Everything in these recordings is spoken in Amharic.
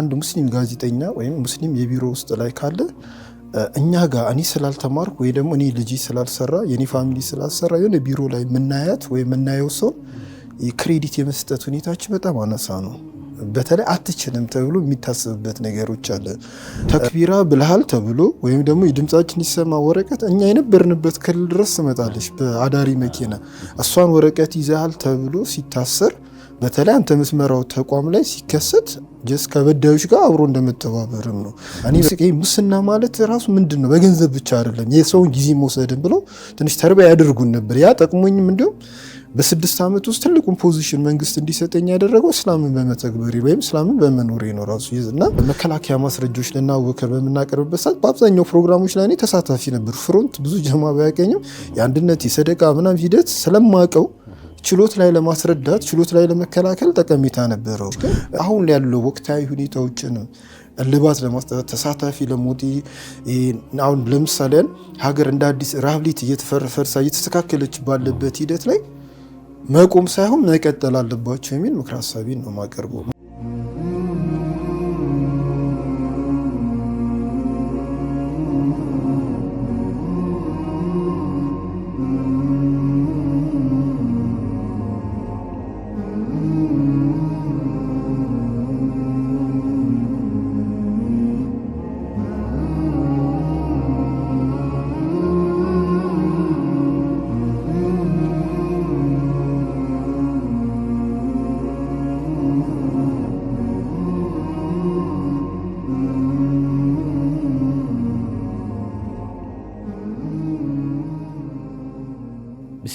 አንድ ሙስሊም ጋዜጠኛ ወይም ሙስሊም የቢሮ ውስጥ ላይ ካለ እኛ ጋር እኔ ስላልተማርኩ ወይ ደግሞ እኔ ልጅ ስላልሰራ የኔ ፋሚሊ ስላልሰራ የሆነ ቢሮ ላይ የምናያት ወይ የምናየው ሰው ክሬዲት የመስጠት ሁኔታችን በጣም አነሳ ነው። በተለይ አትችልም ተብሎ የሚታሰብበት ነገሮች አለ። ተክቢራ ብልሃል ተብሎ ወይም ደግሞ የድምፃችን ይሰማ ወረቀት እኛ የነበርንበት ክልል ድረስ ትመጣለች በአዳሪ መኪና። እሷን ወረቀት ይዘሃል ተብሎ ሲታሰር በተለይ አንተ የምትመራው ተቋም ላይ ሲከሰት ጀስ ከበዳዮች ጋር አብሮ እንደምትተባበርም ነው። እኔ ሙስና ማለት ራሱ ምንድን ነው በገንዘብ ብቻ አይደለም የሰውን ጊዜ መውሰድን ብለው ትንሽ ተርቢያ ያደርጉን ነበር። ያ ጠቅሞኝም እንዲሁም በስድስት ዓመት ውስጥ ትልቁን ፖዚሽን መንግስት እንዲሰጠኝ ያደረገው እስላምን በመተግበሬ ወይም እስላምን በመኖሬ ነው። ራሱ እና በመከላከያ ማስረጃዎች ለናወከር በምናቀርብበት ሰዓት በአብዛኛው ፕሮግራሞች ላይ እኔ ተሳታፊ ነበር። ፍሮንት ብዙ ጀማ ባያገኝም የአንድነት የሰደቃ ምናም ሂደት ስለማቀው ችሎት ላይ ለማስረዳት ችሎት ላይ ለመከላከል ጠቀሜታ ነበረው። አሁን ያለው ወቅታዊ ሁኔታዎችን እልባት ለማስጠት ተሳታፊ ለሞት አሁን ለምሳሌን ሀገር እንደ አዲስ ራብሊት እየተፈርሳ እየተስተካከለች ባለበት ሂደት ላይ መቆም ሳይሆን መቀጠል አለባቸው የሚል ምክር ሀሳቢን ነው የማቀርበው።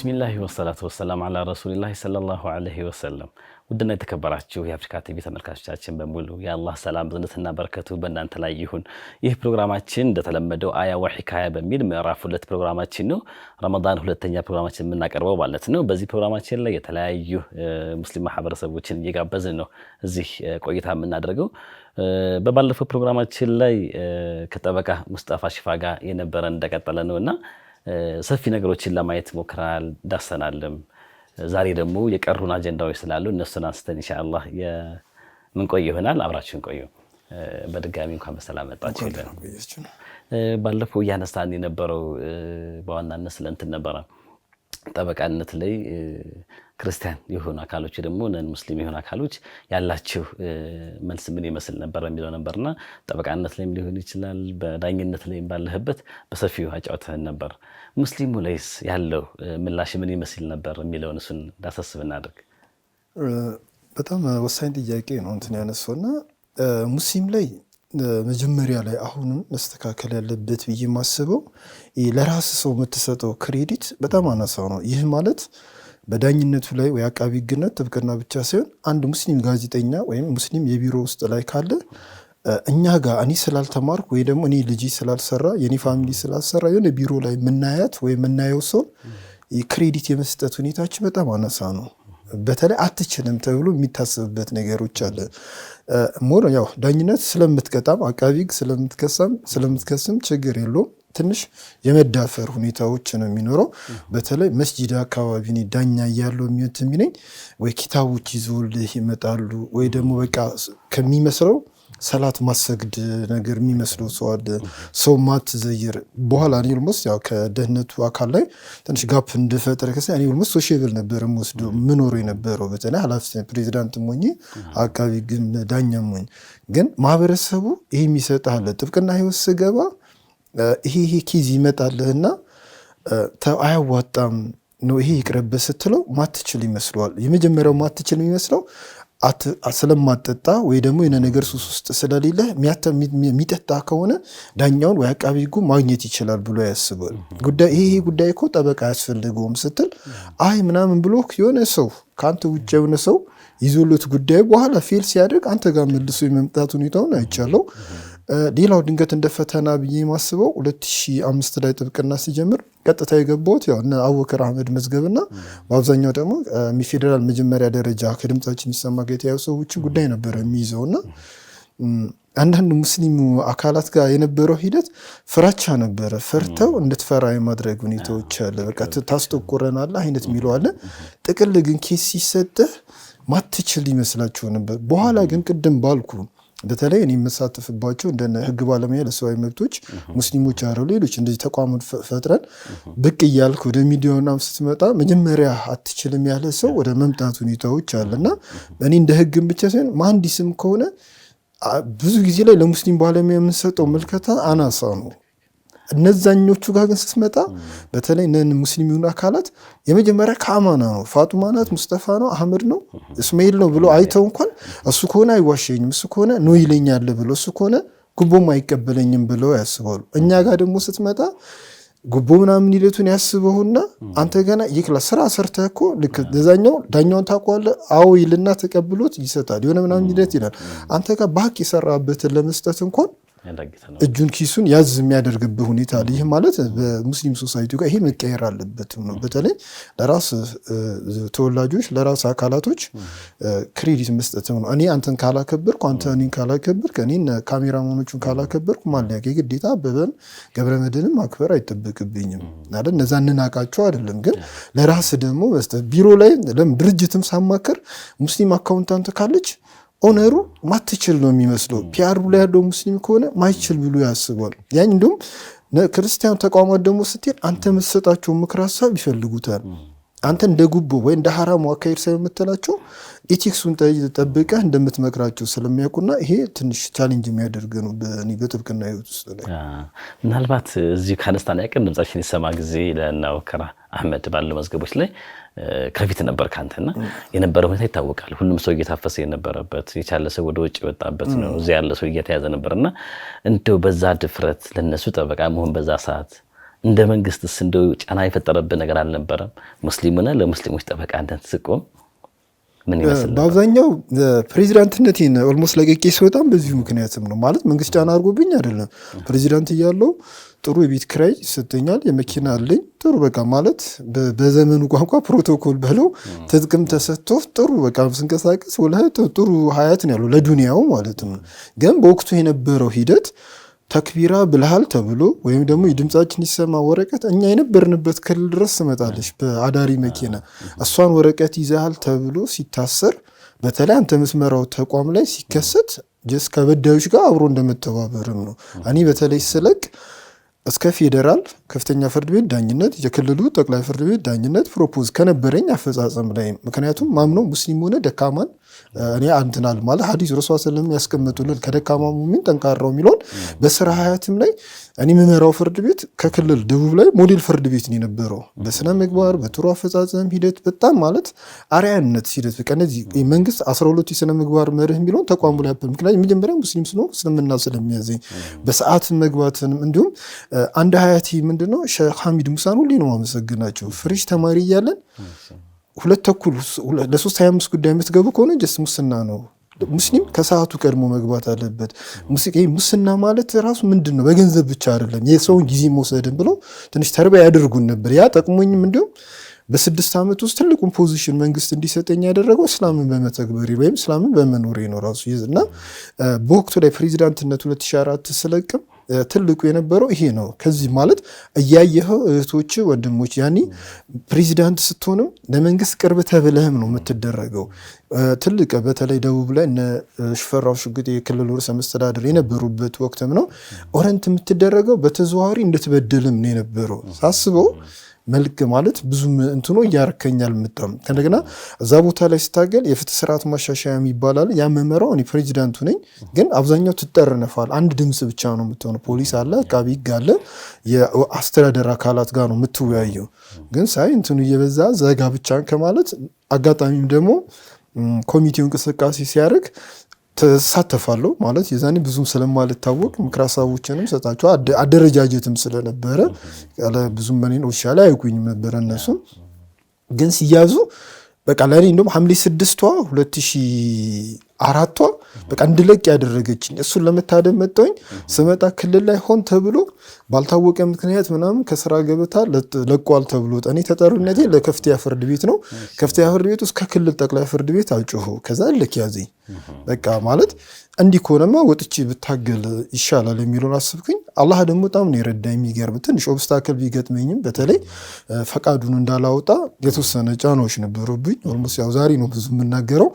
ቢስሚላህ ወሰላቱ ወሰላም አላ ረሱሊላህ ሰለላሁ አለይሂ ወሰለም። ውድና የተከበራችሁ የአፍሪካ ቲቪ ተመልካቾቻችን በሙሉ የአላህ ሰላም እዝነትና በረከቱ በእናንተ ላይ ይሁን። ይህ ፕሮግራማችን እንደተለመደው አያ ወሒካያ በሚል ምዕራፍ ሁለት ፕሮግራማችን ነው። ረመዳን ሁለተኛ ፕሮግራማችን የምናቀርበው ማለት ነው። በዚህ ፕሮግራማችን ላይ የተለያዩ ሙስሊም ማህበረሰቦችን እየጋበዝን ነው እዚህ ቆይታ የምናደርገው። በባለፈው ፕሮግራማችን ላይ ከጠበቃ ሙስጣፋ ሽፋ ጋር የነበረን እንደቀጠለ ነው እና ሰፊ ነገሮችን ለማየት ሞክረናል፣ ዳሰናልም። ዛሬ ደግሞ የቀሩን አጀንዳዎች ስላሉ እነሱን አንስተን ኢንሻአላህ የምንቆይ ይሆናል። አብራችሁን ቆዩ። በድጋሚ እንኳን በሰላም መጣችሁ። ባለፈው እያነሳን የነበረው በዋናነት ስለእንትን ነበረ ጠበቃነት ላይ ክርስቲያን የሆኑ አካሎች ደግሞ ነን ሙስሊም የሆኑ አካሎች ያላችሁ መልስ ምን ይመስል ነበር በሚለው ነበርና ጠበቃነት ላይም ሊሆን ይችላል፣ በዳኝነት ላይም ባለህበት በሰፊው አጫውተህን ነበር። ሙስሊሙ ላይስ ያለው ምላሽ ምን ይመስል ነበር የሚለውን እሱን እንዳሳስብ እናድርግ። በጣም ወሳኝ ጥያቄ ነው እንትን ያነሳውና ሙስሊም ላይ መጀመሪያ ላይ አሁንም መስተካከል ያለበት ብዬ የማስበው ለራስ ሰው የምትሰጠው ክሬዲት በጣም አነሳው ነው። ይህ ማለት በዳኝነቱ ላይ ወይ አቃቢ ሕግነት ጥብቅና ብቻ ሳይሆን አንድ ሙስሊም ጋዜጠኛ ወይም ሙስሊም የቢሮ ውስጥ ላይ ካለ እኛ ጋር እኔ ስላልተማርኩ ወይ ደግሞ እኔ ልጅ ስላልሰራ የኔ ፋሚሊ ስላልሰራ የሆነ ቢሮ ላይ የምናያት ወይ የምናየው ሰው ክሬዲት የመስጠት ሁኔታችን በጣም አነሳ ነው። በተለይ አትችልም ተብሎ የሚታሰብበት ነገሮች አለ። ሞር ያው ዳኝነት ስለምትቀጣም አቃቢ ሕግ ስለምትከሳም ስለምትከስም ችግር የለውም። ትንሽ የመዳፈር ሁኔታዎች ነው የሚኖረው። በተለይ መስጂድ አካባቢ እኔ ዳኛ እያለሁ የሚወት የሚለኝ ወይ ኪታቦች ይዞልህ ይመጣሉ ወይ ደግሞ በቃ ከሚመስለው ሰላት ማሰግድ ነገር የሚመስለው ሰው አለ። ሰው ማትዘይር በኋላ እኔ ልሞስ ያው ከደህንነቱ አካል ላይ ትንሽ ጋፕ እንድፈጠረ ከስ እኔ ልሞስ ሶሽብል ነበር ወስዶ ምኖሮ የነበረው በተለይ ኃላፊ ፕሬዚዳንት ሞኝ አካባቢ ግን ዳኛ ሞኝ ግን ማህበረሰቡ ይህ የሚሰጥ አለ ጥብቅና ህይወት ስገባ ይሄ ይሄ ኬዝ ይመጣልህና አያዋጣም ነው ይሄ ይቅረብህ ስትለው ማትችል ይመስለዋል። የመጀመሪያው ማትችል የሚመስለው ስለማጠጣ ወይ ደግሞ የሆነ ነገር ሱስ ውስጥ ስለሌለ የሚጠጣ ከሆነ ዳኛውን ወይ አቃቢ ሕጉ ማግኘት ይችላል ብሎ ያስባል። ይሄ ጉዳይ እኮ ጠበቃ አያስፈልገውም ስትል አይ ምናምን ብሎ የሆነ ሰው ከአንተ ውጭ የሆነ ሰው ይዞልት ጉዳዩ በኋላ ፌል ሲያደርግ አንተ ጋር መልሶ የመምጣት ሁኔታውን አይቻለው። ሌላው ድንገት እንደ ፈተና ብዬ ማስበው 2005 ላይ ጥብቅና ሲጀምር ቀጥታ የገባሁት ያው እነ አወከር አህመድ መዝገብና በአብዛኛው ደግሞ ፌዴራል መጀመሪያ ደረጃ ከድምጻችን የሚሰማ ጋር የተያያዙ ሰዎችን ጉዳይ ነበረ የሚይዘው እና አንዳንድ ሙስሊሙ አካላት ጋር የነበረው ሂደት ፍራቻ ነበረ። ፈርተው እንድትፈራ የማድረግ ሁኔታዎች አለ። በቃ ታስጠቁረናለ አይነት የሚለዋለን። ጥቅል ግን ኬስ ሲሰጥህ ማትችል ይመስላቸው ነበር። በኋላ ግን ቅድም ባልኩ በተለይ እኔ የምሳተፍባቸው እንደ ህግ ባለሙያ ለሰብአዊ መብቶች ሙስሊሞች ያረው ሌሎች እንደዚህ ተቋሙን ፈጥረን ብቅ እያልክ ወደ ሚዲያውና ስትመጣ መጀመሪያ አትችልም ያለ ሰው ወደ መምጣት ሁኔታዎች አለና እኔ እንደ ህግም ብቻ ሳይሆን መሀንዲስም ከሆነ ብዙ ጊዜ ላይ ለሙስሊም ባለሙያ የምንሰጠው ምልከታ አናሳ ነው። እነዛኞቹ ጋር ግን ስትመጣ በተለይ ነን ሙስሊም የሆኑ አካላት የመጀመሪያ ከአማና ነው ፋጡማ ናት፣ ሙስጠፋ ነው፣ አህመድ ነው፣ እስማኤል ነው ብሎ አይተው እንኳን እሱ ከሆነ አይዋሸኝም፣ እሱ ከሆነ ኖ ይለኛል ብሎ እሱ ከሆነ ጉቦም አይቀበለኝም ብለው ያስባሉ። እኛ ጋር ደግሞ ስትመጣ ጉቦ ምናምን ሂደቱን ያስበውና አንተ ገና ይክላ ስራ ሰርተህ እኮ ልክ ለዛኛው ዳኛውን ታውቀዋለህ። አዎ ይልና ተቀብሎት ይሰጣል። የሆነ ምናምን ሂደት ይላል። አንተ ጋር ባክ የሰራበትን ለመስጠት እንኳን እጁን ኪሱን ያዝ የሚያደርግብህ ሁኔታ ይህ ማለት በሙስሊም ሶሳይቲ ጋር ይሄ መቀየር አለበት ነው። በተለይ ለራስ ተወላጆች፣ ለራስ አካላቶች ክሬዲት መስጠት ነው። እኔ አንተን ካላከበርኩ፣ አንተ እኔን ካላከበርክ፣ እኔን ካሜራማኖቹን ካላከበርኩ ማለ ግዴታ አበበን ገብረመድህንም ማክበር አይጠበቅብኝም አለ። እነዛ እንናቃቸው አይደለም፣ ግን ለራስ ደግሞ መስጠት ቢሮ ላይ ለም ድርጅትም ሳማከር ሙስሊም አካውንታንት ካለች ኦነሩ ማትችል ነው የሚመስለው። ፒአር ላይ ያለው ሙስሊም ከሆነ ማይችል ብሎ ያስባል። ያን እንዲሁም ክርስቲያን ተቋማት ደግሞ ስትሄድ አንተ የምትሰጣቸው ምክር ሀሳብ ይፈልጉታል። አንተ እንደ ጉቦ ወይ እንደ ሀራሙ አካሄድ የምትላቸው ኢቲክሱን ጠብቀህ እንደምትመክራቸው ስለሚያውቁና ይሄ ትንሽ ቻሌንጅ የሚያደርግ ነው በጥብቅና ህይወት ውስጥ ላይ። ምናልባት እዚሁ ካነስታን ያቅን ድምጻችን የሰማ ጊዜ ለናወከራ አህመድ ባሉ መዝገቦች ላይ ከፊት ነበር ከአንተና የነበረ ሁኔታ ይታወቃል። ሁሉም ሰው እየታፈሰ የነበረበት የቻለ ሰው ወደ ውጭ የወጣበት ነው። እዚ ያለ ሰው እየተያዘ ነበርና እንደው በዛ ድፍረት ለነሱ ጠበቃ መሆን በዛ ሰዓት እንደ መንግስትስ እንደው ጫና የፈጠረብህ ነገር አልነበረም? ሙስሊሙና ለሙስሊሞች ጠበቃነት ስቆም ምን ይመስል? በአብዛኛው ፕሬዚዳንትነቴን ኦልሞስት ለቀቄ ሲወጣም በዚሁ ምክንያትም ነው። ማለት መንግስት ጫና አድርጎብኝ አይደለም። ፕሬዚዳንት እያለው ጥሩ የቤት ክራይ ይሰጠኛል፣ የመኪና አለኝ። ጥሩ በቃ ማለት በዘመኑ ቋንቋ ፕሮቶኮል በለው ትጥቅም ተሰጥቶ ጥሩ በቃ ስንቀሳቀስ ጥሩ ሀያት ነው ያለው ለዱንያው ማለት ነው። ግን በወቅቱ የነበረው ሂደት ተክቢራ ብልሃል ተብሎ ወይም ደግሞ የድምፃችን ይሰማ ወረቀት እኛ የነበርንበት ክልል ድረስ ትመጣለች በአዳሪ መኪና። እሷን ወረቀት ይዘሃል ተብሎ ሲታሰር በተለይ አንተ የምትመራው ተቋም ላይ ሲከሰት ጀስ ከበዳዮች ጋር አብሮ እንደመተባበርም ነው። እኔ በተለይ ስለቅ እስከ ፌዴራል ከፍተኛ ፍርድ ቤት ዳኝነት የክልሉ ጠቅላይ ፍርድ ቤት ዳኝነት ፕሮፖዝ ከነበረኝ አፈጻጸም ላይ ምክንያቱም ማምነው ሙስሊም ሆነ ደካማን እኔ አንትናል ማለት ሀዲስ ረሱ ስለም ያስቀመጡልን ከደካማ ሙሚን ጠንካራው የሚለውን በስራ ሀያትም ላይ እኔ የምመራው ፍርድ ቤት ከክልል ደቡብ ላይ ሞዴል ፍርድ ቤት ነው የነበረው። በስነ ምግባር በጥሩ አፈጻጸም ሂደት በጣም ማለት አርያነት ሂደት በቃ እነዚህ መንግስት አስራ ሁለቱ የስነ ምግባር መርህ የሚለውን ተቋሙ ላይ ያበል ምክንያት የመጀመሪያ ሙስሊም ስለሆንኩ እስልምና ስለሚያዘኝ በሰዓት መግባትንም እንዲሁም አንድ ሀያቲ ምንድን ምንድነው ሐሚድ ሙሳን ሁሌ ነው አመሰግናቸው። ፍሬሽ ተማሪ እያለን ሁለት ተኩል ለሶስት ሀያ አምስት ጉዳይ የምትገቡ ከሆነ ጀስ ሙስና ነው። ሙስሊም ከሰዓቱ ቀድሞ መግባት አለበት። ሙስና ማለት ራሱ ምንድን ነው? በገንዘብ ብቻ አይደለም የሰውን ጊዜ መውሰድን ብለው ትንሽ ተርቢያ ያደርጉን ነበር። ያ ጠቅሞኝም እንዲሁም በስድስት ዓመት ውስጥ ትልቁን ፖዚሽን መንግስት እንዲሰጠኝ ያደረገው እስላምን በመተግበሬ ወይም እስላምን በመኖሬ ነው ራሱ እና በወቅቱ ላይ ፕሬዚዳንትነት 2004 ስለቅም ትልቁ የነበረው ይሄ ነው። ከዚህ ማለት እያየኸው እህቶች ወንድሞች፣ ያኔ ፕሬዚዳንት ስትሆንም ለመንግስት ቅርብ ተብለህም ነው የምትደረገው። ትልቅ በተለይ ደቡብ ላይ እነ ሽፈራው ሽጉጤ የክልል ርዕሰ መስተዳድር የነበሩበት ወቅትም ነው ኦረንት የምትደረገው በተዘዋዋሪ እንድትበድልም ነው የነበረው ሳስበው መልክ ማለት ብዙ እንትኖ እያረከኛል ምጣም እንደገና እዛ ቦታ ላይ ስታገል የፍትህ ስርዓት ማሻሻያ የሚባላል ያ መመራው እኔ ፕሬዚዳንቱ ነኝ፣ ግን አብዛኛው ትጠርነፋል። አንድ ድምፅ ብቻ ነው የምትሆነ። ፖሊስ አለ፣ አቃቢ ህግ አለ፣ የአስተዳደር አካላት ጋር ነው የምትወያየው። ግን ሳይ እንትኑ እየበዛ ዘጋ ብቻን ከማለት አጋጣሚም ደግሞ ኮሚቴው እንቅስቃሴ ሲያደርግ ተሳተፋለሁ ማለት የዛኔ ብዙም ስለማልታወቅ ምክር ሀሳቦችንም ሰጣቸው። አደረጃጀትም ስለነበረ ብዙም መኔን ላይ አያውቁኝም ነበረ። እነሱም ግን ሲያዙ በቃ ለእኔ እንደውም ሐምሌ ስድስቷ ሁለት ሺህ አራቷ በቃ እንድለቅ ያደረገችኝ እሱን ለመታደም መጣሁኝ። ስመጣ ክልል ላይ ሆን ተብሎ ባልታወቀ ምክንያት ምናምን ከስራ ገበታ ለቋል ተብሎ እኔ ተጠሪነቴ ለከፍተኛ ፍርድ ቤት ነው። ከፍተኛ ፍርድ ቤት ውስጥ ከክልል ጠቅላይ ፍርድ ቤት አልጮሆ ከዛ ልክ ያዘኝ። በቃ ማለት እንዲህ ከሆነማ ወጥቼ ብታገል ይሻላል የሚለውን አስብኩኝ። አላህ ደግሞ በጣም ነው የረዳ። የሚገርም ትንሽ ኦብስታክል ቢገጥመኝም በተለይ ፈቃዱን እንዳላወጣ የተወሰነ ጫናዎች ነበረብኝ። ኦልሞስት ያው ዛሬ ነው ብዙ የምናገረው፣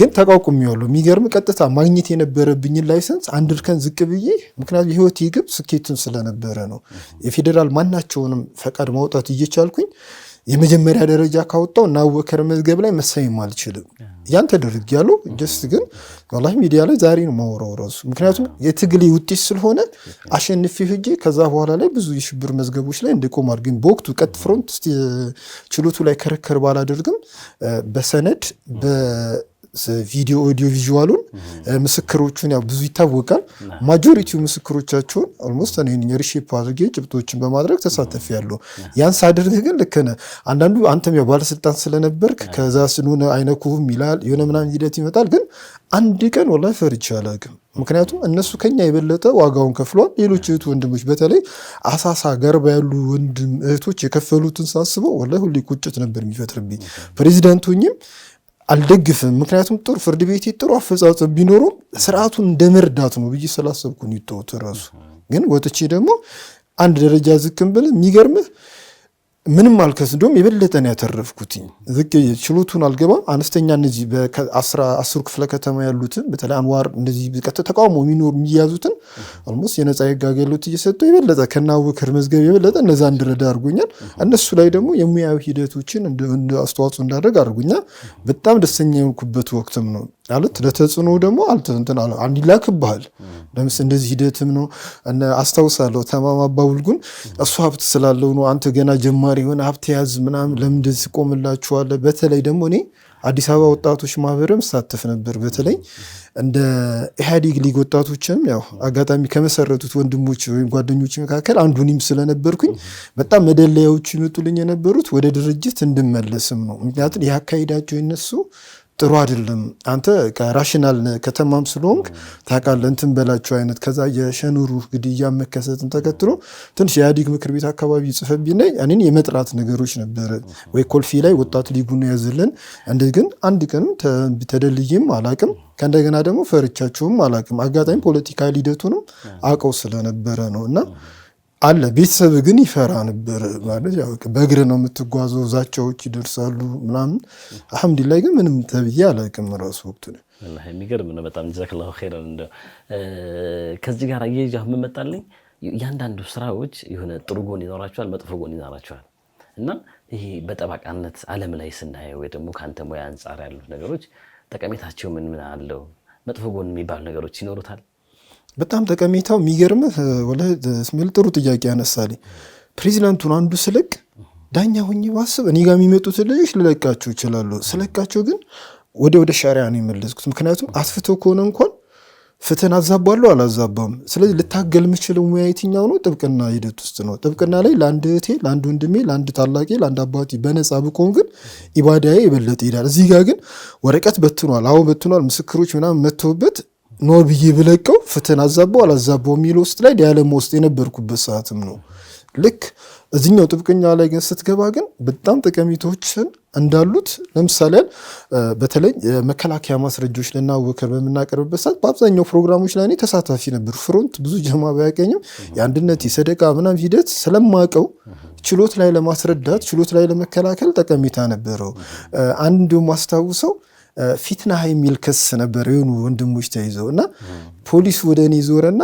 ግን ተቋቁሜያለሁ። የሚገርም ቀጥታ ማግኘት የነበረብኝን ላይሰንስ አንድ እርከን ዝቅ ብዬ ምክንያቱም የህይወት ግብ ስኬቱን ስለ ስለነበረ ነው። የፌዴራል ማናቸውንም ፈቃድ ማውጣት እየቻልኩኝ የመጀመሪያ ደረጃ ካወጣው እና አቡበከር መዝገብ ላይ መሰየም አልችልም። ያን ተደርግ ያለው ጀስት ግን ወላሂ ሚዲያ ላይ ዛሬ ነው ማወራው ራሱ ምክንያቱም የትግሌ ውጤት ስለሆነ አሸንፌ ህጄ ከዛ በኋላ ላይ ብዙ የሽብር መዝገቦች ላይ እንድቆም አድርገኝ በወቅቱ ቀጥ ፍሮንት ችሎቱ ላይ ከረከር ባላደርግም በሰነድ ቪዲዮ ኦዲዮ ቪዥዋሉን ምስክሮቹን ያው ብዙ ይታወቃል። ማጆሪቲው ምስክሮቻቸውን ኦልሞስት እኔ ሪሼፕ አድርጌ ጭብጦችን በማድረግ ተሳተፍ ያለው ያን ሳደርግህ ግን ልክ ነህ። አንዳንዱ አንተም ያው ባለስልጣን ስለነበርክ ከዛ ስንሆነ አይነኩህም ይላል የሆነ ምናምን ሂደት ይመጣል። ግን አንድ ቀን ወላሂ ፈርቼ አላውቅም። ምክንያቱም እነሱ ከኛ የበለጠ ዋጋውን ከፍሏል። ሌሎች እህቱ ወንድሞች፣ በተለይ አሳሳ ገርባ ያሉ ወንድም እህቶች የከፈሉትን ሳስበው ወላሂ ሁሌ ቁጭት ነበር የሚፈጥርብኝ ፕሬዚዳንቱኝም አልደግፍም። ምክንያቱም ጥሩ ፍርድ ቤት ጥሩ አፈጻጸም ቢኖሩም ስርዓቱን እንደ መርዳቱ ነው ብዬ ስላሰብኩን ይተወት ራሱ ግን ወጥቼ ደግሞ አንድ ደረጃ ዝቅም ብል የሚገርምህ ምንም አልከስ እንዲሁም የበለጠ ነው ያተረፍኩትኝ። ዝቅ ችሎቱን አልገባም አነስተኛ እነዚህ አስሩ ክፍለ ከተማ ያሉትን በተለይ አንዋር እንደዚህ ቀጥታ ተቃውሞ የሚኖር የሚያዙትን አልሞስት የነፃ የህግ አገልግሎት እየሰጡ የበለጠ ከናውክር መዝገብ የበለጠ እነዛ እንድረዳ አድርጎኛል። እነሱ ላይ ደግሞ የሙያዊ ሂደቶችን አስተዋጽኦ እንዳደርግ አድርጎኛል። በጣም ደስተኛ የሆንኩበት ወቅትም ነው። ማለት ለተጽዕኖ ደግሞ አልተንትን አንድ ይላክብሃል። ለምስ እንደዚህ ሂደትም ነው አስታውሳለሁ። ተማም አባቡልጉን እሱ ሀብት ስላለው ነው አንተ ገና ጀማሪ የሆነ ሀብት ያዝ ምናምን ለምን እንደዚህ ቆምላችኋለሁ። በተለይ ደግሞ እኔ አዲስ አበባ ወጣቶች ማህበርም ሳተፍ ነበር። በተለይ እንደ ኢህአዴግ ሊግ ወጣቶችም ያው አጋጣሚ ከመሰረቱት ወንድሞች ወይም ጓደኞች መካከል አንዱንም ስለነበርኩኝ በጣም መደለያዎች ይመጡልኝ የነበሩት ወደ ድርጅት እንድመለስም ነው። ምክንያቱም ያካሄዳቸው የነሱ ጥሩ አይደለም። አንተ ራሽናል ከተማም ስለሆንክ ታውቃለህ እንትን በላቸው አይነት ከዛ የሸኑሩ ግድያ መከሰትን ተከትሎ ትንሽ የኢህአዴግ ምክር ቤት አካባቢ ጽፈብኝ ላይ እኔን የመጥላት ነገሮች ነበረ። ወይ ኮልፌ ላይ ወጣት ሊጉን ያዘለን እንደ ግን አንድ ቀንም ተደልዬም አላቅም። ከእንደገና ደግሞ ፈርቻቸውም አላቅም። አጋጣሚ ፖለቲካ ሊደቱንም አውቀው ስለነበረ ነው እና አለ ቤተሰብ ግን ይፈራ ነበር። ማለት ያው በእግር ነው የምትጓዘው፣ ዛቻዎች ይደርሳሉ ምናምን። አልሐምዱሊላህ ግን ምንም ተብዬ አላውቅም። ራሱ ወቅቱ ነው የሚገርም ነው በጣም ጀዛከላሁ ኸይረን። እንደው ከዚህ ጋር እየጃ የምመጣልኝ እያንዳንዱ ስራዎች የሆነ ጥሩ ጎን ይኖራቸዋል፣ መጥፎ ጎን ይኖራቸዋል። እና ይሄ በጠባቃነት አለም ላይ ስናየው ወይ ደግሞ ከአንተ ሙያ አንጻር ያሉት ነገሮች ጠቀሜታቸው ምን ምን አለው? መጥፎ ጎን የሚባሉ ነገሮች ይኖሩታል? በጣም ጠቀሜታው የሚገርምህ ወላሂ ጥሩ ጥያቄ ያነሳልኝ። ፕሬዚዳንቱን አንዱ ስልክ ዳኛ ሁኝ ባስብ እኔ ጋር የሚመጡት ልጆች ልለቃቸው ይችላሉ። ስለቃቸው ግን ወደ ወደ ሻሪያ ነው የመለስኩት። ምክንያቱም አስፍቶ ከሆነ እንኳን ፍትህን አዛባለሁ አላዛባም። ስለዚህ ልታገል የምችለው ሙያ የትኛው ነው? ጥብቅና ሂደት ውስጥ ነው። ጥብቅና ላይ ለአንድ እህቴ፣ ለአንድ ወንድሜ፣ ለአንድ ታላቄ፣ ለአንድ አባቴ በነፃ ብቆም ግን ኢባዳዬ የበለጠ ይሄዳል። እዚህ ጋር ግን ወረቀት በትኗል፣ አዎ በትኗል፣ ምስክሮች ምናምን መተውበት ኖ ብዬ ብለቀው ፍትህን አዛባው አላዛባው የሚል ውስጥ ላይ ዲያለም ውስጥ የነበርኩበት ሰዓትም ነው። ልክ እዚኛው ጥብቅኛ ላይ ግን ስትገባ ግን በጣም ጠቀሜታዎችን እንዳሉት ለምሳሌ በተለይ መከላከያ ማስረጃዎች ልናወከር በምናቀርብበት ሰዓት በአብዛኛው ፕሮግራሞች ላይ እኔ ተሳታፊ ነበር። ፍሮንት ብዙ ጀማ ባያገኝም የአንድነት የሰደቃ ምናም ሂደት ስለማቀው ችሎት ላይ ለማስረዳት ችሎት ላይ ለመከላከል ጠቀሜታ ነበረው። አንድ ማስታውሰው ፊትና የሚል ክስ ነበር የሆኑ ወንድሞች ተይዘው እና ፖሊስ ወደ እኔ ዞረና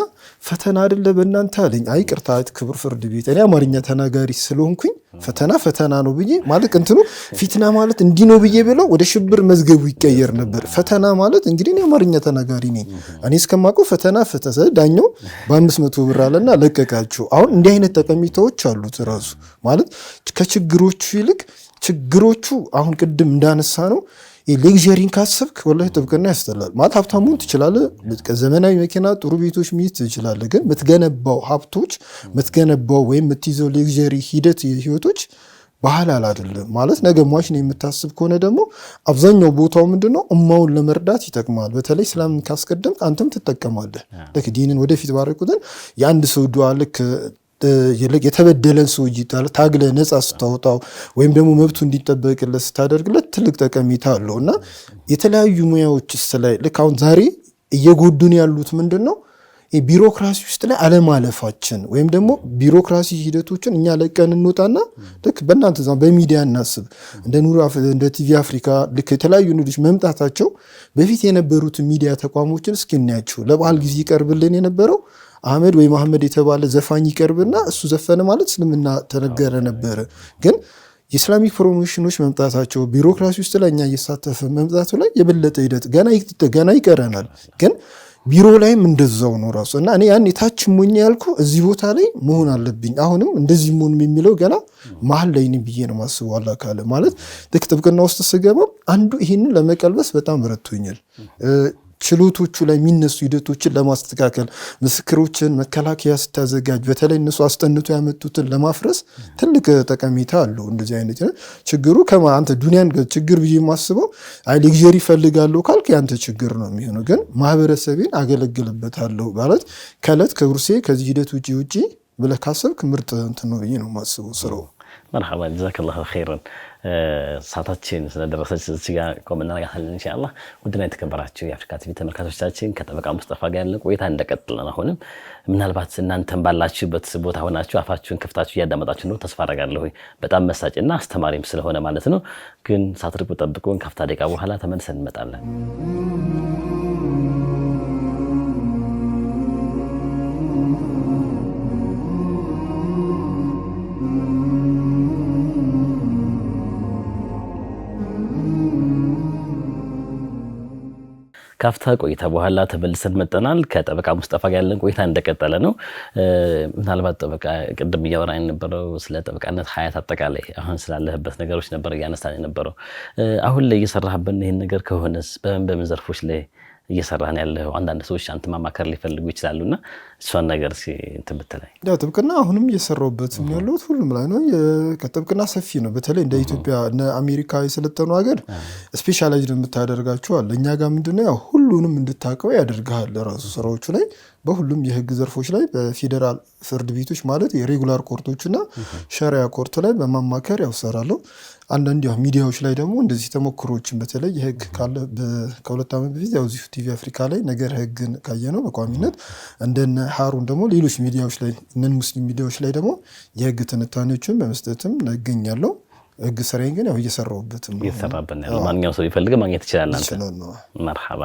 ፈተና አይደለ በእናንተ አለኝ። አይ ቅርታ ክቡር ፍርድ ቤት እኔ አማርኛ ተናጋሪ ስለሆንኩኝ ፈተና ፈተና ነው ብዬ ማለት እንትኑ ፊትና ማለት እንዲህ ነው ብዬ ብለው ወደ ሽብር መዝገቡ ይቀየር ነበር። ፈተና ማለት እንግዲህ እኔ አማርኛ ተናጋሪ ነኝ። እኔ እስከማውቀው ፈተና ፈተሰ ዳኛው በአምስት መቶ ብር አለና ለቀቃችሁ። አሁን እንዲህ አይነት ጠቀሜታዎች አሉት ራሱ ማለት ከችግሮቹ ይልቅ ችግሮቹ አሁን ቅድም እንዳነሳ ነው ሌግዥሪን ካሰብክ ወላሂ ጥብቅና ያስጠላል። ማለት ሀብታሙን ትችላለህ፣ ዘመናዊ መኪና፣ ጥሩ ቤቶች ሚት ትችላለህ። ግን የምትገነባው ሀብቶች የምትገነባው ወይም የምትይዘው ሌግዥሪ ሂደት ህይወቶች ባህላል አይደለም ማለት ነገ ሟችን የምታስብ ከሆነ ደግሞ አብዛኛው ቦታው ምንድነው እማውን ለመርዳት ይጠቅማል። በተለይ ስላምን ካስቀደምክ አንተም ትጠቀማለህ። ልክ ዲንን ወደፊት ባረቁትን የአንድ ሰው ዱዓ ልክ ይልቅ የተበደለን ሰውዬ ታግለ ነጻ ስታወጣው ወይም ደግሞ መብቱ እንዲጠበቅለት ስታደርግለት ትልቅ ጠቀሜታ አለው እና የተለያዩ ሙያዎች ስ ላይ ልክ አሁን ዛሬ እየጎዱን ያሉት ምንድን ነው? ቢሮክራሲ ውስጥ ላይ አለማለፋችን ወይም ደግሞ ቢሮክራሲ ሂደቶችን እኛ ለቀን እንወጣና ልክ በእናንተ ዛ በሚዲያ እናስብ እንደ እንደ ቲቪ አፍሪካ ልክ የተለያዩ ንዶች መምጣታቸው በፊት የነበሩትን ሚዲያ ተቋሞችን እስኪናያቸው ለበዓል ጊዜ ይቀርብልን የነበረው አህመድ ወይ መሐመድ የተባለ ዘፋኝ ይቀርብና እሱ ዘፈነ ማለት እስልምና ተነገረ ነበረ። ግን የኢስላሚክ ፕሮሞሽኖች መምጣታቸው ቢሮክራሲ ውስጥ ላይ እኛ እየሳተፈ መምጣቱ ላይ የበለጠ ሂደት ገና ይቀረናል ግን ቢሮ ላይም እንደዛው ነው ራሱ እና እኔ ያን የታች ሞኝ ያልኩ እዚህ ቦታ ላይ መሆን አለብኝ አሁንም እንደዚህ መሆን የሚለው ገና መሀል ላይ ብዬ ነው ማስበው። አላካለ ማለት ልክ ጥብቅና ውስጥ ስገባ አንዱ ይህንን ለመቀልበስ በጣም ረቶኛል። ችሎቶቹ ላይ የሚነሱ ሂደቶችን ለማስተካከል ምስክሮችን መከላከያ ስታዘጋጅ በተለይ እነሱ አስጠንቶ ያመጡትን ለማፍረስ ትልቅ ጠቀሜታ አለው። እንደዚህ አይነት ችግሩ ከአንተ ዱኒያን ችግር ብዬ የማስበው አይ ሌግሪ ፈልጋለሁ ካልክ ያንተ ችግር ነው የሚሆነው። ግን ማህበረሰቤን አገለግልበታለሁ ማለት ከእለት ከጉርሴ ከዚህ ሂደት ውጭ ውጭ ብለህ ካሰብክ ምርጥ እንትን ነው ብዬ ነው የማስበው ስራው። መርሐባን ጀዛከላሁ ኸይረን። ሰዓታችን ስለደረሰች እዚህ ቆም እናረጋታለን ኢንሻአላህ። ውድና የተከበራችሁ የአፍሪካ ቲቪ ተመልካቾቻችን ከጠበቃ ሙስጠፋ ጋር ያለን ቆይታ እንደቀጥለን፣ አሁንም ምናልባት እናንተን ባላችሁበት ቦታ ሆናችሁ አፋችሁን ከፍታችሁ እያዳመጣችሁ ነው ተስፋ አረጋለሁ። በጣም መሳጭና አስተማሪም ስለሆነ ማለት ነው። ግን ሳትርቁ ጠብቁን። ካፍታ ደቂቃ በኋላ ተመልሰን እንመጣለን። ካፍታ ቆይታ በኋላ ተመልሰን መጠናል። ከጠበቃ ሙስጠፋ ጋር ያለን ቆይታ እንደቀጠለ ነው። ምናልባት ጠበቃ ቅድም እያወራን የነበረው ስለ ጠበቃነት ሀያት አጠቃላይ አሁን ስላለህበት ነገሮች ነበር እያነሳን የነበረው። አሁን ላይ እየሰራህብን ይህን ነገር ከሆነስ በምን በምን ዘርፎች ላይ እየሰራን ያለው አንዳንድ ሰዎች አንተ ማማከር ሊፈልጉ ይችላሉ እና እሷን ነገር እንትን ብትለኝ። ጥብቅና አሁንም እየሰራሁበት ያለሁት ሁሉም ላይ ነው። ከጥብቅና ሰፊ ነው። በተለይ እንደ ኢትዮጵያ እነ አሜሪካ የሰለጠኑ ሀገር ስፔሻላይዝድ የምታደርጋቸዋል። እኛ ጋር ምንድነው ያው ሁሉንም እንድታቀበ ያደርግሃል ራሱ ስራዎቹ ላይ በሁሉም የህግ ዘርፎች ላይ በፌዴራል ፍርድ ቤቶች ማለት የሬጉላር ኮርቶችና ሸሪያ ኮርት ላይ በማማከር ያው እሰራለሁ። አንዳንድ ያው ሚዲያዎች ላይ ደግሞ እንደዚህ ተሞክሮዎችን በተለይ ህግ ካለ ከሁለት ዓመት በፊት ያው እዚሁ ቲቪ አፍሪካ ላይ ነገር ህግን ካየ ነው በቋሚነት እንደነ ሀሩን ደግሞ ሌሎች ሚዲያዎች ላይ እነን ሙስሊም ሚዲያዎች ላይ ደግሞ የህግ ትንታኔዎችን በመስጠትም እገኛለሁ። ህግ ስራዬን ግን ያው እየሰራሁበትም እየተሰራበት ነው። ማንኛውም ሰው ይፈልግ ማግኘት ይችላል። አንተ መርሓባ።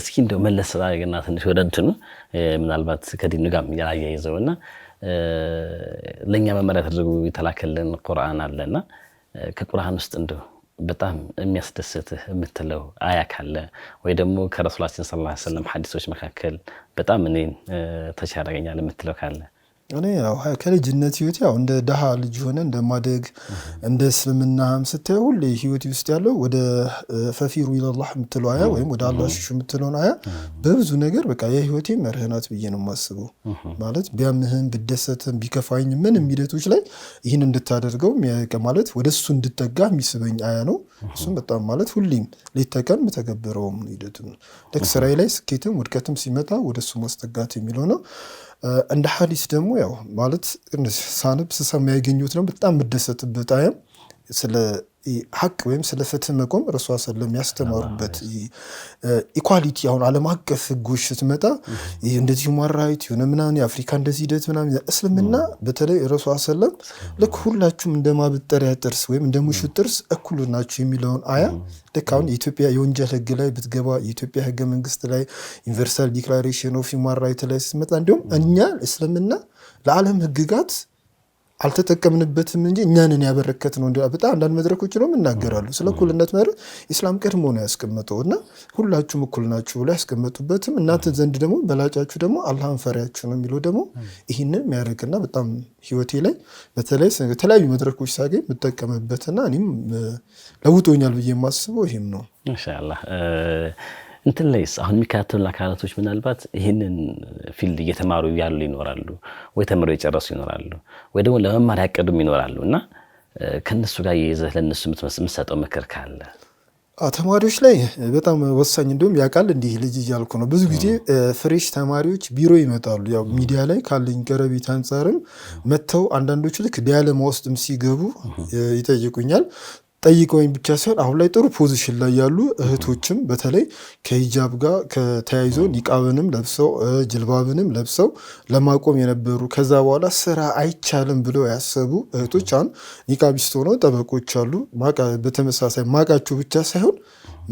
እስኪ እንደው መለስ እና ትንሽ ወደ እንትኑ ምናልባት ከዲኑ ጋር እና ለእኛ መመሪያ ተደርጎ የተላከልን ቁርአን አለና ከቁርሃን ውስጥ እንደ በጣም የሚያስደስትህ የምትለው አያ ካለ ወይ ደግሞ ከረሱላችን ስ ዐለይሂ ሀዲሶች መካከል በጣም እኔን ተች የምትለው ካለ እኔ ያው ከልጅነት ህይወት ያው እንደ ደሃ ልጅ ሆነ እንደማደግ እንደ እስልምናም ስታየው ሁሌ ህይወት ውስጥ ያለው ወደ ፈፊሩ ኢለላህ የምትለው አያ ወይም ወደ አላህ ሽሹ የምትለውን አያ በብዙ ነገር በቃ የህይወቴ መርህ ናት ብዬ ነው የማስበው። ማለት ቢያምህም ብደሰትም ቢከፋኝ ምንም ሂደቶች ላይ ይህን እንድታደርገው ማለት ወደ እሱ እንድጠጋ የሚስበኝ አያ ነው። እሱም በጣም ማለት ሁሌም ሌት ተቀን የምተገብረውም ሂደቱ ልክ ስራዬ ላይ ስኬትም ውድቀትም ሲመጣ ወደ እሱ ማስጠጋት የሚለው ነው። እንደ ሀዲስ ደግሞ ያው ማለት ሳንብ ስሰማ ያገኘሁት ነው በጣም የምደሰትበት አየም ስለ ሀቅ ወይም ስለ ፍትህ መቆም ረሱ ሰለም ያስተማሩበት ኢኳሊቲ አሁን ዓለም አቀፍ ህጎች ስትመጣ እንደዚህ ማራይት ራይት የሆነ ምናምን የአፍሪካ እንደዚህ ሂደት ምናምን እስልምና በተለይ ረሱ ሰለም ልክ ሁላችሁም እንደ ማበጠሪያ ጥርስ ወይም እንደ ሙሽት ጥርስ እኩሉ ናችሁ የሚለውን አያ ልክ አሁን የኢትዮጵያ የወንጀል ህግ ላይ ብትገባ የኢትዮጵያ ህገ መንግስት ላይ ዩኒቨርሳል ዲክላሬሽን ኦፍ ማራይት ላይ ስትመጣ እንዲሁም እኛ እስልምና ለዓለም ህግጋት አልተጠቀምንበትም እንጂ እኛንን ያበረከት ነው። በጣም አንዳንድ መድረኮች ነው የምናገራሉ ስለ እኩልነት መርህ ኢስላም ቀድሞ ነው ያስቀመጠው እና ሁላችሁም እኩል ናችሁ ብሎ ያስቀመጡበትም እናንተ ዘንድ ደግሞ በላጫችሁ ደግሞ አላህን ፈሪያችሁ ነው የሚለው ደግሞ ይህንን የሚያደርግና በጣም ህይወቴ ላይ በተለይ የተለያዩ መድረኮች ሳገኝ የምጠቀምበትና እኔም ለውጦኛል ብዬ የማስበው ይህም ነው። ማሻአላህ እንትን ላይስ አሁን የሚከታተሉ አካላቶች ምናልባት ይህንን ፊልድ እየተማሩ ያሉ ይኖራሉ፣ ወይ ተምረው የጨረሱ ይኖራሉ፣ ወይ ደግሞ ለመማር ያቀዱም ይኖራሉ እና ከእነሱ ጋር የይዘህ ለእነሱ የምትሰጠው ምክር ካለ ተማሪዎች ላይ በጣም ወሳኝ እንዲሁም ያውቃል እንዲህ ልጅ እያልኩ ነው። ብዙ ጊዜ ፍሬሽ ተማሪዎች ቢሮ ይመጣሉ። ያው ሚዲያ ላይ ካለኝ ቀረቤት አንጻርም መጥተው አንዳንዶቹ ልክ ዲያለማ ውስጥም ሲገቡ ይጠይቁኛል። ጠይቀውኝ ብቻ ሳይሆን አሁን ላይ ጥሩ ፖዚሽን ላይ ያሉ እህቶችም በተለይ ከሂጃብ ጋር ከተያይዞ ኒቃብንም ለብሰው ጅልባብንም ለብሰው ለማቆም የነበሩ ከዛ በኋላ ስራ አይቻልም ብለው ያሰቡ እህቶች አሁን ኒቃቢስት ሆነው ጠበቆች አሉ። በተመሳሳይ ማቃቸው ብቻ ሳይሆን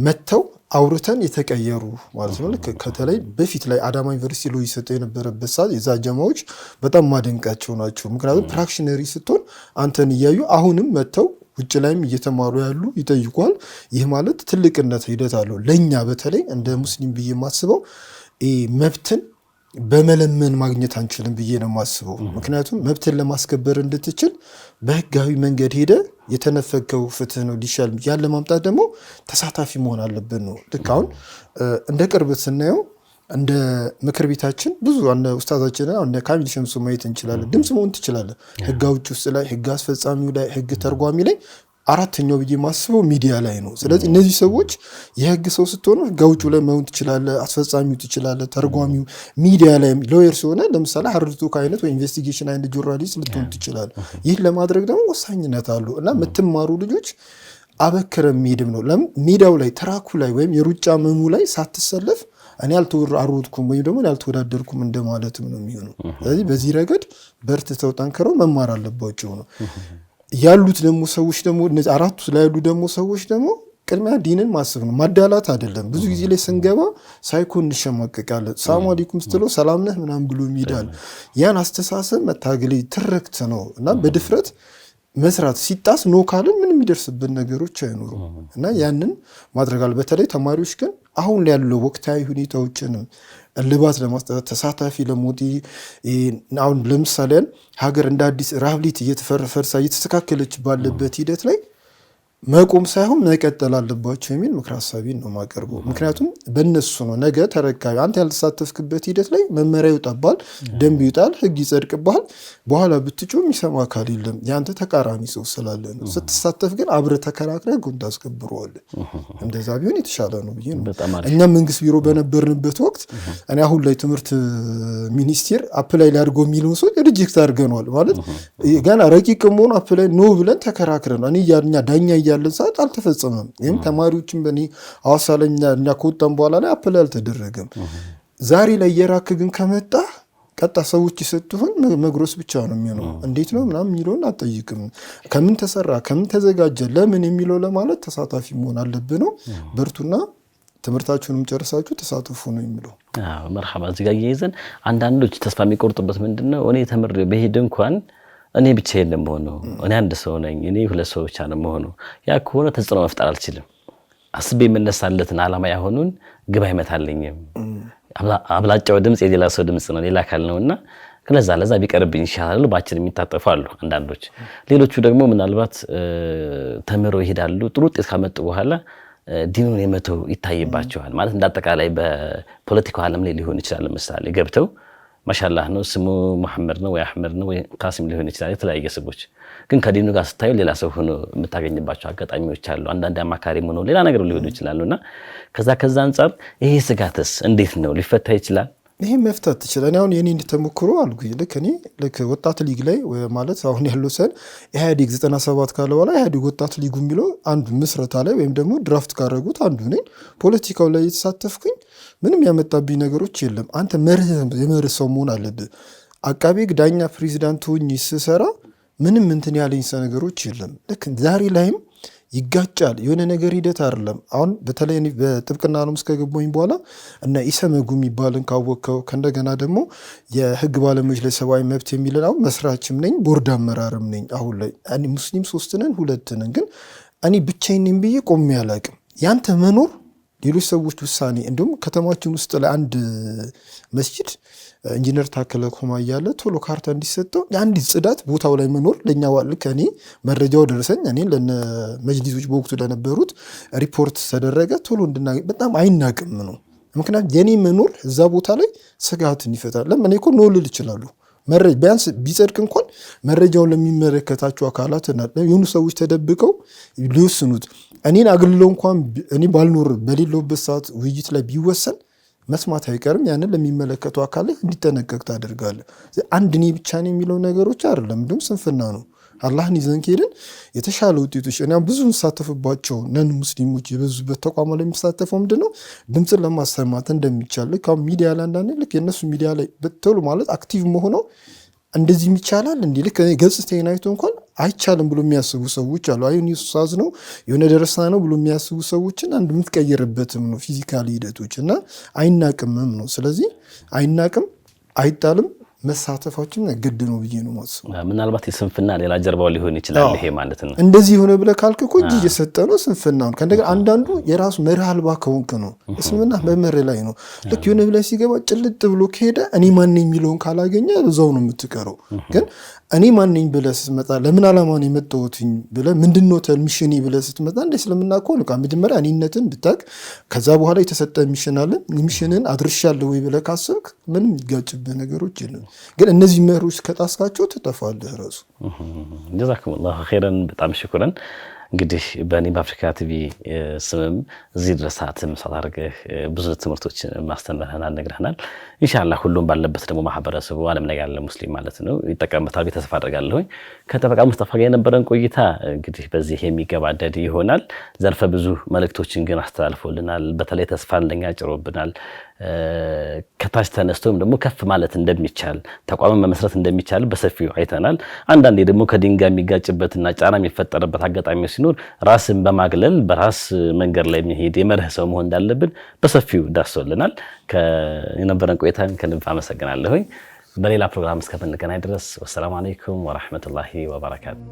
መጥተው አውርተን የተቀየሩ ማለት ነው። ልክ ከተለይ በፊት ላይ አዳማ ዩኒቨርሲቲ ሎ ይሰጠው የነበረበት ሰዓት የዛ ጀማዎች በጣም ማደንቃቸው ናቸው። ምክንያቱም ፕራክሽነሪ ስትሆን አንተን እያዩ አሁንም መጥተው ውጭ ላይም እየተማሩ ያሉ ይጠይቋል። ይህ ማለት ትልቅነት ሂደት አለው። ለእኛ በተለይ እንደ ሙስሊም ብዬ የማስበው መብትን በመለመን ማግኘት አንችልም ብዬ ነው የማስበው። ምክንያቱም መብትን ለማስከበር እንድትችል በህጋዊ መንገድ ሄደ የተነፈገው ፍትህ ነው ሊሻል ያለ ለማምጣት ደግሞ ተሳታፊ መሆን አለብን ነው። ልክ አሁን እንደ ቅርብ ስናየው እንደ ምክር ቤታችን ብዙ ኡስታዛችን ካሚል ሸምሱ ማየት እንችላለን። ድምፅ መሆን ትችላለን። ህግ አውጭ ውስጥ ላይ፣ ህግ አስፈጻሚው ላይ፣ ህግ ተርጓሚ ላይ አራተኛው ብዬ ማስበው ሚዲያ ላይ ነው። ስለዚህ እነዚህ ሰዎች የህግ ሰው ስትሆኑ ህግ አውጪ ላይ መሆን ትችላለ፣ አስፈጻሚው ትችላለ፣ ተርጓሚው ሚዲያ ላይ ሎየር ሲሆነ ለምሳሌ ሀርድቱ ከአይነት ወይ ኢንቨስቲጌሽን አይነት ጆርናሊስት ልትሆን ትችላለ። ይህ ለማድረግ ደግሞ ወሳኝነት አሉ እና የምትማሩ ልጆች አበክረ የሚሄድም ነው ለምን ሚዲያው ላይ ትራኩ ላይ ወይም የሩጫ መሙ ላይ ሳትሰለፍ እኔ አልሮጥኩም ወይም ደግሞ አልተወዳደርኩም እንደማለትም ነው የሚሆነው። ስለዚህ በዚህ ረገድ በርትተው ጠንክረው መማር አለባቸው ነው ያሉት። ደግሞ ሰዎች ደግሞ እነዚህ አራቱ ላይ ያሉ ደግሞ ሰዎች ደግሞ ቅድሚያ ዲንን ማሰብ ነው፣ ማዳላት አይደለም። ብዙ ጊዜ ላይ ስንገባ ሳይኮ እንሸማቀቃለን። ሰላም አለይኩም ስትለው ሰላም ነህ ምናምን ብሎ ይሄዳል። ያን አስተሳሰብ መታገል ትርክት ነው እና በድፍረት መስራት ሲጣስ ኖ ካልን ምን የሚደርስብን ነገሮች አይኖሩም እና ያንን ማድረጋል። በተለይ ተማሪዎች ግን አሁን ያለው ወቅታዊ ሁኔታዎችን እልባት ለማስጠት ተሳታፊ ለሞዲ አሁን ለምሳሌ ሀገር እንደ አዲስ ራብሊት እየተፈረፈርሳ እየተስተካከለች ባለበት ሂደት ላይ መቆም ሳይሆን መቀጠል አለባቸው የሚል ምክር ሀሳቤን ነው ማቀርቡ። ምክንያቱም በእነሱ ነው ነገ ተረካቢ አንተ ያልተሳተፍክበት ሂደት ላይ መመሪያ ይወጣባል፣ ደንብ ይወጣል፣ ህግ ይጸድቅባል። በኋላ ብትጮ የሚሰማ አካል የለም የአንተ ተቃራኒ ሰው ስላለ ነው። ስትሳተፍ ግን አብረ ተከራክረ ጎን ታስከብረዋለህ። እንደዛ ቢሆን የተሻለ ነው ብዬ ነው። እኛም መንግስት ቢሮ በነበርንበት ወቅት እኔ አሁን ላይ ትምህርት ሚኒስቴር አፕላይ ሊያድርገው የሚለውን ሰው ሪጀክት አድርገነዋል። ማለት ገና ረቂቅ መሆኑ አፕላይ ኖ ብለን ተከራክረ ነው እኔ ዳኛ ያለን ሰዓት አልተፈጸመም። ይህም ተማሪዎችን በእኔ አዋሳለኛ እኛ ከወጣን በኋላ ላይ አፕል አልተደረገም። ዛሬ ላይ የራክ ግን ከመጣ ቀጣ ሰዎች የሰጡህን መግሮስ ብቻ ነው የሚሆነው። እንዴት ነው ምናምን የሚለውን አጠይቅም። ከምን ተሰራ፣ ከምን ተዘጋጀ፣ ለምን የሚለው ለማለት ተሳታፊ መሆን አለብህ ነው። በርቱና ትምህርታችሁንም ጨርሳችሁ ተሳትፉ ነው የሚለው። መርሐባ እዚጋ ይዘን አንዳንዶች ተስፋ የሚቆርጡበት ምንድን ነው እኔ ተምር በሄድ እንኳን እኔ ብቻ የለም መሆኑ እኔ አንድ ሰው ነኝ፣ እኔ ሁለት ሰው ብቻ ነው መሆኑ። ያ ከሆነ ተጽዕኖ መፍጠር አልችልም። አስቤ የምነሳለትን ዓላማ ያሆኑን ግብ አይመታልኝም። አብላጫው ድምፅ የሌላ ሰው ድምፅ ነው፣ ሌላ አካል ነው እና ለዛ ለዛ ቢቀርብኝ ይሻላሉ። ባችን የሚታጠፉ አሉ አንዳንዶች። ሌሎቹ ደግሞ ምናልባት ተምረው ይሄዳሉ። ጥሩ ውጤት ካመጡ በኋላ ዲኑን የመተው ይታይባቸዋል። ማለት እንዳጠቃላይ በፖለቲካው ዓለም ላይ ሊሆን ይችላል። ለምሳሌ ገብተው ማሻላህ ነው ስሙ መሐመድ ነው ወይ አሕመድ ነው ወይ ቃሲም ሊሆን ይችላል። የተለያየ ስሞች ግን ከዲኑ ጋር ስታዩ ሌላ ሰው ሆኖ የምታገኝባቸው አጋጣሚዎች አሉ። አንዳንድ አማካሪ ሆኖ ሌላ ነገር ሊሆኑ ይችላሉ እና ከዛ ከዛ አንጻር ይሄ ስጋትስ እንዴት ነው ሊፈታ ይችላል? ይሄ መፍታት ትችላል። አሁን የኔ እንድተሞክሮ አልኩኝ ልክ እኔ ልክ ወጣት ሊግ ላይ ማለት አሁን ያለው ሰን ኢህአዴግ 97 ካለ በኋላ ኢህአዴግ ወጣት ሊጉ የሚለው አንዱ ምስረታ ላይ ወይም ደግሞ ድራፍት ካደረጉት አንዱ ነኝ። ፖለቲካው ላይ የተሳተፍኩኝ ምንም ያመጣብኝ ነገሮች የለም። አንተ መርህ የመርህ ሰው መሆን አለብህ። አቃቤ ዳኛ፣ ፕሬዚዳንት ሆኜ ስሰራ ምንም እንትን ያለኝ ነገሮች የለም። ልክ ዛሬ ላይም ይጋጫል። የሆነ ነገር ሂደት አይደለም። አሁን በተለይ በጥብቅና ነው ውስጥ በኋላ እና ኢሰመጉ የሚባልን ካወቅከው ከእንደገና ደግሞ የህግ ባለሙያዎች ለሰብአዊ መብት የሚልን አሁን መስራችም ነኝ ቦርድ አመራርም ነኝ። አሁን ላይ ሙስሊም ሶስት ነን ሁለት ነን። ግን እኔ ብቻዬን ብዬ ቆሜ አላቅም። ያንተ መኖር ሌሎች ሰዎች ውሳኔ እንዲሁም ከተማችን ውስጥ ላይ አንድ መስጅድ ኢንጂነር ታከለ ኮማ እያለ ቶሎ ካርታ እንዲሰጠው አንዲት ጽዳት ቦታው ላይ መኖር ለእኛ ልክ እኔ መረጃው ደረሰኝ እኔ ለነ መጅሊሶች በወቅቱ ለነበሩት ሪፖርት ተደረገ። ቶሎ እንድናገኝ በጣም አይናቅም ነው። ምክንያቱም የኔ መኖር እዛ ቦታ ላይ ስጋትን ይፈታል። ለምን እኮ ኖልል ይችላሉ ቢያንስ ቢጸድቅ እንኳን መረጃውን ለሚመለከታቸው አካላት የሆኑ ሰዎች ተደብቀው ሊወስኑት እኔን አግልለው እንኳን እኔ ባልኖር በሌለውበት ሰዓት ውይይት ላይ ቢወሰን መስማት አይቀርም። ያንን ለሚመለከቱ አካል እንዲጠነቀቅ ታደርጋለህ። አንድ እኔ ብቻ ነው የሚለው ነገሮች አይደለም፣ እንዲሁም ስንፍና ነው። አላህን ይዘን ከሄድን የተሻለ ውጤቶች እኒያም ብዙ እንሳተፍባቸው ነን። ሙስሊሞች የበዙበት ተቋማ ላይ የሚሳተፈው ምንድን ነው? ድምፅን ለማሰማት እንደሚቻል ልክ ሚዲያ ላይ አንዳንዴ ልክ የእነሱ ሚዲያ ላይ በተሉ ማለት አክቲቭ መሆነው እንደዚህ ይቻላል እንዲህ ልክ ገጽታዬን አይቶ እንኳን አይቻልም ብሎ የሚያስቡ ሰዎች አሉ። አይ ሱሳዝ ነው የሆነ ደረሳ ነው ብሎ የሚያስቡ ሰዎችን አንድ የምትቀይርበትም ነው ፊዚካል ሂደቶች እና አይናቅምም ነው። ስለዚህ አይናቅም፣ አይጣልም መሳተፋችን ግድ ነው ብዬ ነው ማስ ምናልባት የስንፍና ሌላ ጀርባው ሊሆን ይችላል። ይሄ ማለት ነው እንደዚህ የሆነ ብለህ ካልክ እኮ እጅ እየሰጠ ነው ስንፍና ነው። ከእንደገና አንዳንዱ የራሱ መርህ አልባ ከሆንክ ነው እስልምና መመርህ ላይ ነው። ልክ የሆነ ብለህ ሲገባ ጭልጥ ብሎ ከሄደ እኔ ማን የሚለውን ካላገኘ እዛው ነው የምትቀረው። ግን እኔ ማንኝ ብለህ ስትመጣ ለምን ዓላማ ነው የመጣሁትኝ ብለህ ምንድን ነው ተሚሽኔ ብለህ ስትመጣ እንደ እስልምና እኮ መጀመሪያ እኔነትን ብታቅ ከዛ በኋላ የተሰጠ ሚሽን አለን ሚሽንን አድርሻለሁ ወይ ብለህ ካሰብክ ምንም የሚጋጭብህ ነገሮች የለም። ግን እነዚህ መሮች ከጣስካቸው ትጠፋለህ ራሱ። ጀዛኩሙላሁ ኸይረን በጣም ሽኩረን። እንግዲህ በእኔ በአፍሪካ ቲቪ ስምም እዚህ ድረስ ትምሳት አድርገህ ብዙ ትምህርቶችን ማስተምረህናል፣ ነግረህናል። ኢንሻላ ሁሉም ባለበት ደግሞ ማህበረሰቡ ዓለም ላይ ያለ ሙስሊም ማለት ነው ይጠቀምበታል ተስፋ አድርጋለሁኝ። ከጠበቃ ሙስጠፋ ጋር የነበረን ቆይታ እንግዲህ በዚህ የሚገባደድ ይሆናል። ዘርፈ ብዙ መልእክቶችን ግን አስተላልፎልናል። በተለይ ተስፋ ለኛ ጭሮብናል። ከታች ወይም ደግሞ ከፍ ማለት እንደሚቻል ተቋምን መመስረት እንደሚቻል በሰፊው አይተናል። አንዳንዴ ደግሞ ከድንጋይ የሚጋጭበትና ጫና የሚፈጠርበት አጋጣሚ ሲኖር ራስን በማግለል በራስ መንገድ ላይ የሚሄድ የመርህ ሰው መሆን እንዳለብን በሰፊው ዳሶልናል። የነበረን ቆይታን ከልብ አመሰግናለሁኝ። በሌላ ፕሮግራም እስከምንገናኝ ድረስ ወሰላም አለይኩም ወራህመቱላሂ ወበረካቱ።